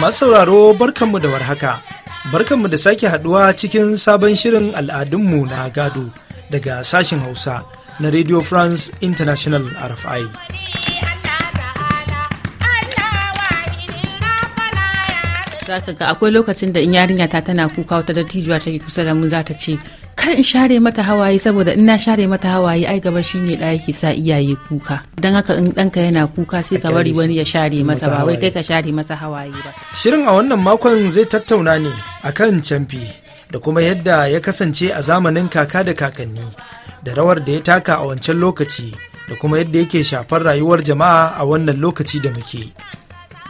Masu sauraro barkanmu da warhaka, barkanmu da sake haduwa cikin sabon shirin al'adunmu na gado daga sashen Hausa na Radio France International RFI. Zaka ga akwai lokacin da in yarinya ta tana kuka wata dattijuwa take kusa da mu za ta ce kar in share mata hawaye saboda in na share mata hawaye ai gaba shine da yake sa iyaye kuka dan haka in danka yana kuka sai ka bari wani ya share masa ba wai kai ka share masa hawaye ba shirin a wannan makon zai tattauna ne akan camfi da kuma yadda ya kasance a zamanin kaka da kakanni da rawar da ya taka a wancan lokaci da kuma yadda yake shafar rayuwar jama'a a wannan lokaci da muke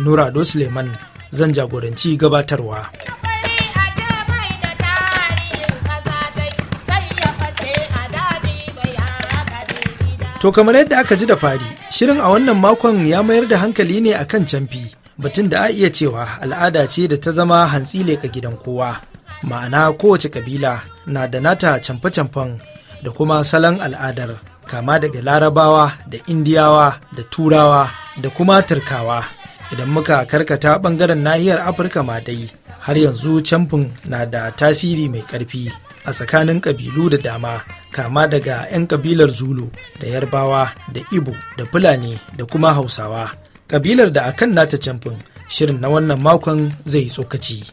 nura do suleiman zan jagoranci gabatarwa To kamar yadda aka ji da fari, shirin a wannan makon ya mayar da hankali ne a kan camfi, batun da a iya cewa al'ada ce da ta zama hantsi leka gidan kowa. Ma'ana kowace kabila na da nata camfe-camfen da kuma salon al'adar, kama daga larabawa da indiyawa da turawa da kuma turkawa. Idan muka karkata ɓangaren nahiyar Afirka ma dai, har yanzu camfin na da tasiri mai ƙarfi a tsakanin ƙabilu da dama. kama daga 'yan kabilar zulu da yarbawa da ibo da fulani da kuma hausawa kabilar da akan nata camfin shirin na wannan makon zai tsokaci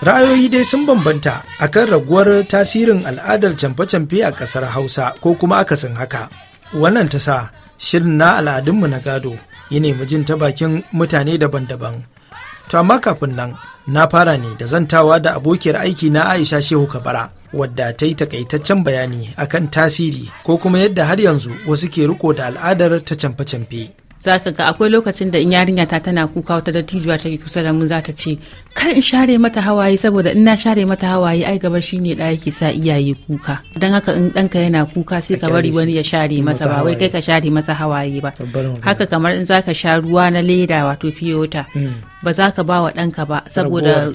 ra'ayoyi dai sun bambanta akan raguwar tasirin al'adar camfe-camfe a ƙasar hausa ko kuma akasin haka wannan ta sa shirin na al'adunmu na gado ya nemi jin ta bakin mutane daban-daban. To amma kafin nan na fara ne da zantawa da abokiyar aiki na Aisha Shehu Kabara wadda ta yi takaitaccen bayani akan tasiri ko kuma yadda har yanzu wasu ke riko da al'adar ta camfe-camfe. za ka ga akwai lokacin da in yarinya ta tana kuka wata dattijuwa take kusa da mu za ta ce kar in share mata hawaye saboda in na share mata hawaye ai gaba shine da yake sa iyaye kuka dan haka in danka yana kuka sai ka bari wani ya share masa ba wai kai ka share masa hawaye ba haka kamar in zaka sha ruwa na leda wato fiyota mm. ba za ka ba wa ɗanka ba saboda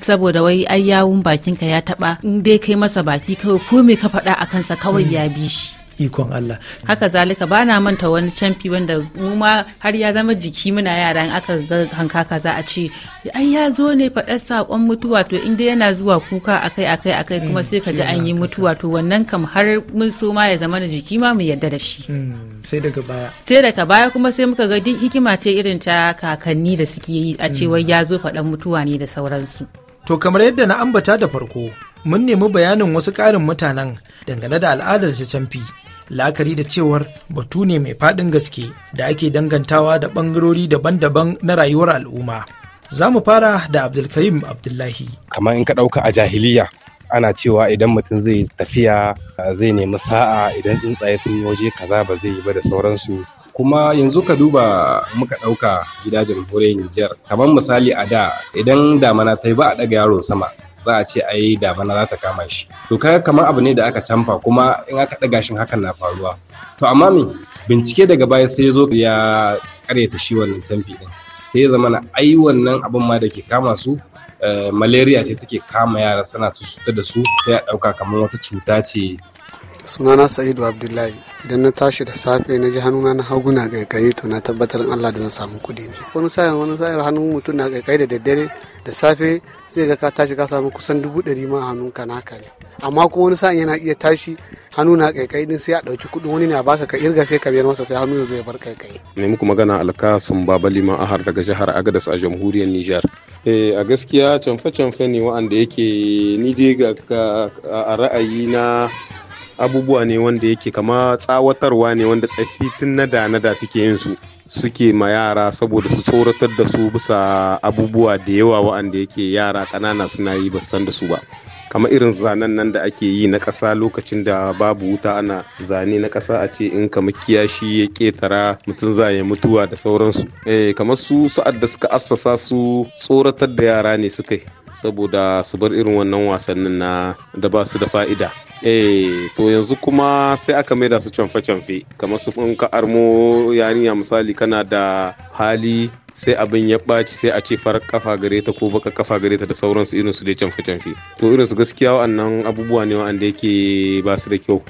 saboda wai ai yawun bakinka ya taɓa in dai kai masa baki kawai ko me ka faɗa a kansa kawai mm. ya bi shi ikon Allah. Haka zalika ba na manta wani camfi wanda mu ma har ya zama jiki muna yara in aka ga hankaka za a ce ai ya zo ne faɗar sakon mutuwa to inda yana zuwa kuka akai akai akai kuma mm, sai ka ji an yi mutuwa to wannan kam har mun so ma ya zama jiki ma mu yarda da shi. Mm, sai daga baya. Sai daga baya kuma sai muka ga duk hikima ce irin ta kakanni da suke yi a cewa mm. ya zo faɗan mutuwa ne da sauransu. To kamar yadda na ambata da farko mun nemi bayanin wasu ƙarin mutanen dangane da al'adar camfi. la'akari da cewar batu ne mai faɗin gaske da ake dangantawa da ɓangarori daban-daban na rayuwar al'umma za mu fara da abdulkarim abdullahi kamar in ka ɗauka a jahiliya ana cewa idan mutum zai tafiya zai nemi sa'a idan tsuntsaye sun yi waje kaza ba zai yi ba da sauransu kuma yanzu ka duba muka ɗauka gida jamhuriyar Nijar kamar misali a da idan damana ta yi ba a ɗaga yaro sama za a ce ai damana za ta kama shi to kaga kamar abu ne da aka canfa kuma in aka ɗaga shin hakan na faruwa to amma me bincike daga baya sai ya zo ya karyata shi wannan canfi din sai ya zama na ai wannan abin ma da ke kama su eh, malaria ce take kama yara suna su da su sai a ɗauka kamar wata cuta ce sunana sa'idu abdullahi idan na tashi da safe na ji hannuna na hagu na kaikayi to na tabbatar Allah da zan samu kuɗi ne wani sa'in wani sa'in hannun mutum na kaikayi da daddare da safe zai ga ka tashi ka samu kusan dubu ɗari ma ka na ne amma kuma wani sa'in yana iya tashi hannu na kaikai din sai a ɗauki kuɗi wani a baka ka irga sai ka biyar masa sai hannu ya bar kaikai. ne muku magana baba babalima ahar daga jihar agadas a jamhuriyar nijar eh, a gaskiya canfe-canfe ne wa'anda yake ni dai ga a ra'ayi na abubuwa ne wanda yake kama tsawatarwa ne wanda tsaffi tun na da na da suke yin su suke ma yara saboda su tsoratar da su bisa abubuwa da yawa wa'anda yake yara kanana suna yi ba san da su ba kama irin zanen nan da ake yi na ƙasa lokacin da babu wuta ana zane na ƙasa a ce in kama kiyashi ya ƙetara mutum za ya mutuwa da sauransu eh, kamar su sa'ad da suka assasa su tsoratar da yara ne suka saboda su bar irin wannan wasannin na da ba su da fa'ida eh to yanzu kuma sai aka da su canfe-canfe kamar su in ka armo yarinya misali kana da hali sai abin ya ɓaci sai a ce fara kafa gare ta ko baka kafa gare ta da sauransu irin su dai canfe-canfe to irin su gaskiya wa'annan abubuwa ne wa'anda yake ba su da kyau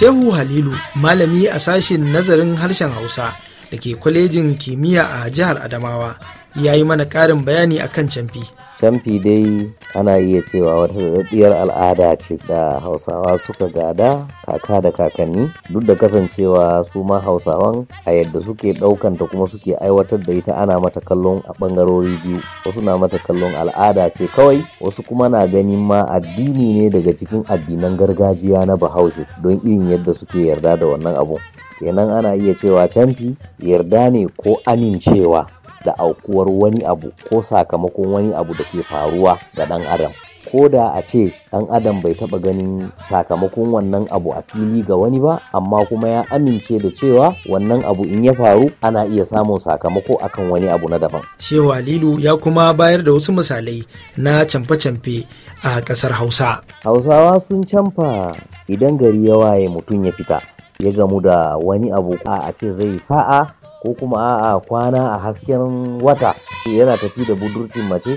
Shehu Halilu malami a sashen nazarin harshen Hausa da ke kwalejin kimiyya a jihar Adamawa ya yi mana ƙarin bayani akan camfi. Camfi dai ana iya cewa wata daɗaɗɗiyar al'ada ce da Hausawa suka gada kaka da kakanni duk da kasancewa su ma Hausawan a yadda suke ɗaukanta kuma suke aiwatar da ita ana mata kallon a ɓangarori biyu wasu na mata kallon al'ada ce kawai wasu kuma na ganin ma addini ne daga cikin addinan gargajiya na Bahaushe don irin yadda suke yarda da wannan abun kenan ana iya cewa camfi yarda ne ko amincewa da aukuwar wani abu ko sakamakon wani abu da ke faruwa ga ɗan adam ko da a ce ɗan adam bai taɓa ganin sakamakon wannan abu a fili ga wani ba amma kuma ya amince da cewa wannan abu in ya faru ana iya samun sakamako akan wani abu na daban shewa lilu ya kuma bayar da wasu misalai na camfe-camfe a ƙasar hausa hausawa sun camfa idan gari ya waye mutum ya fita ya gamu da wani abu a ce zai sa'a ko kuma a'a kwana a hasken wata yana tafi da budurcin mace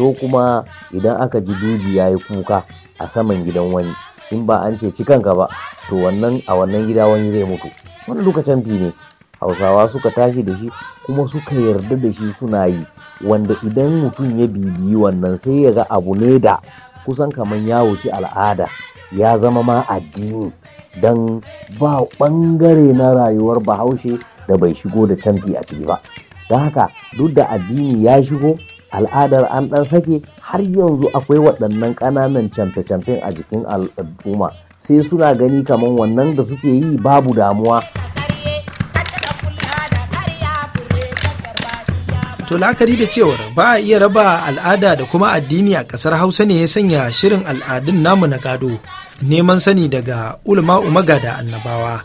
ko kuma idan aka ji duji ya yi kuka a saman gidan wani in ba an ce cikanka ba to wannan a wannan gida wani zai mutu wani lokacin fi ne hausawa suka tashi da shi kuma suka yarda da shi suna yi wanda idan mutum ya bibiyi wannan sai ya ga abu ne da kusan kamar ya wuce al'ada ya zama ma addini don ba ɓangare na rayuwar bahaushe da bai shigo da canji a ciki ba don haka duk da addini ya shigo al'adar an ɗan sake har yanzu akwai waɗannan ƙananan canfe canfen a jikin al'umma sai suna gani kamar wannan da suke yi babu damuwa To la'akari da cewar ba a iya raba al'ada da kuma addini a ƙasar Hausa ne ya sanya shirin al'adun namu na gado neman sani daga umaga da annabawa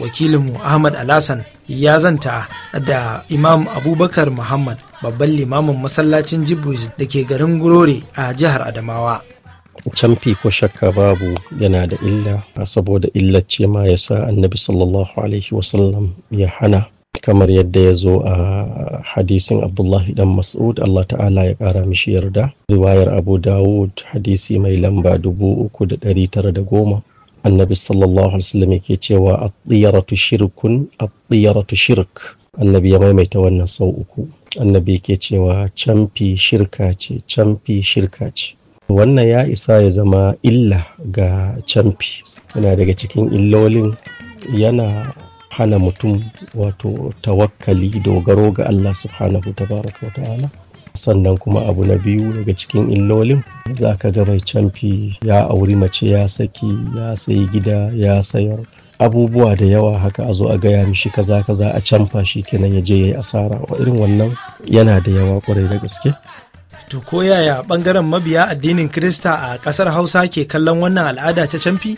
wakilinmu ahmad alasan ya zanta da imam abubakar muhammad babban limamin masallacin jibuji da ke garin gurore a jihar adamawa canfi ko shakka babu yana da illa saboda illace ma ya sa annabi sallallahu alaihi wasallam ya hana kamar yadda ya zo a hadisin abdullahi dan mas'ud allah ta'ala ya kara mishi yarda riwayar abu dawud hadisi mai lamba dubu uku da ɗari tara da goma annabi sallallahu alaihi wasallam yake cewa at-tiyaratu shirkun at-tiyaratu shirk annabi ya maimaita wannan sau uku annabi yake cewa camfi shirka ce camfi shirka ce wannan ya isa ya zama illa ga camfi yana daga cikin illolin yana hana mutum wato tawakkali dogaro ga Allah subhanahu tabaraka wa ta'ala sannan kuma abu na biyu daga cikin illolin za ka ga mai camfi ya auri mace ya saki ya sayi gida ya sayar abubuwa da yawa haka a zo a gaya mishi kaza kaza a canfa shi kenan ya je ya yi asara wa irin wannan yana da yawa kwarai da gaske to ko yaya bangaren mabiya addinin krista a kasar hausa ke kallon wannan al'ada ta camfi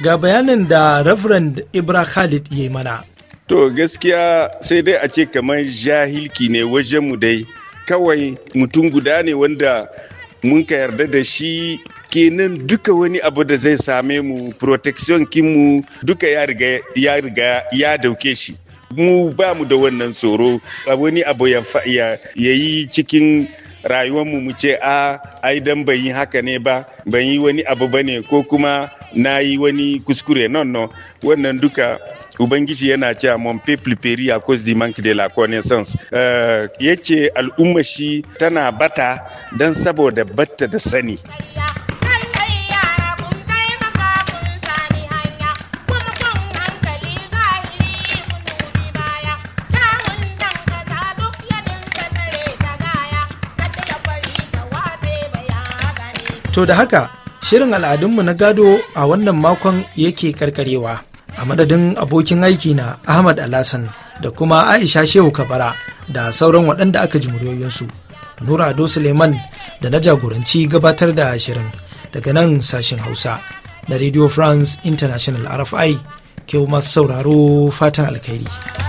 ga bayanin da reverend ibra khalid ya yi mana to gaskiya sai dai a ce kamar jahilki ne wajen mu dai kawai mutum guda ne wanda mun ka yarda da shi kenan duka wani abu da zai same mu protection kinmu duka ya riga ya riga ya dauke shi mu ba mu da wannan tsoro wani abu ya yi cikin rayuwarmu mu ce a ah, ai dan ban yi haka ne ba ban yi wani abu bane ko kuma na yi wani kuskure non non wannan duka ubangiji yana cewa mon peuple peri a cause du manque de la connaissance uh, eh, yace al'umma shi tana bata dan saboda batta da sani To da haka Shirin al'adunmu na gado a wannan makon yake karkarewa a madadin abokin aiki na Ahmad Alasan da kuma Aisha Shehu Kabara da sauran waɗanda aka ji muryoyinsu. Nura Ado Suleiman da na jagoranci gabatar da shirin daga nan sashen Hausa da Radio France International RFI ke masu sauraro fatan alkhairi.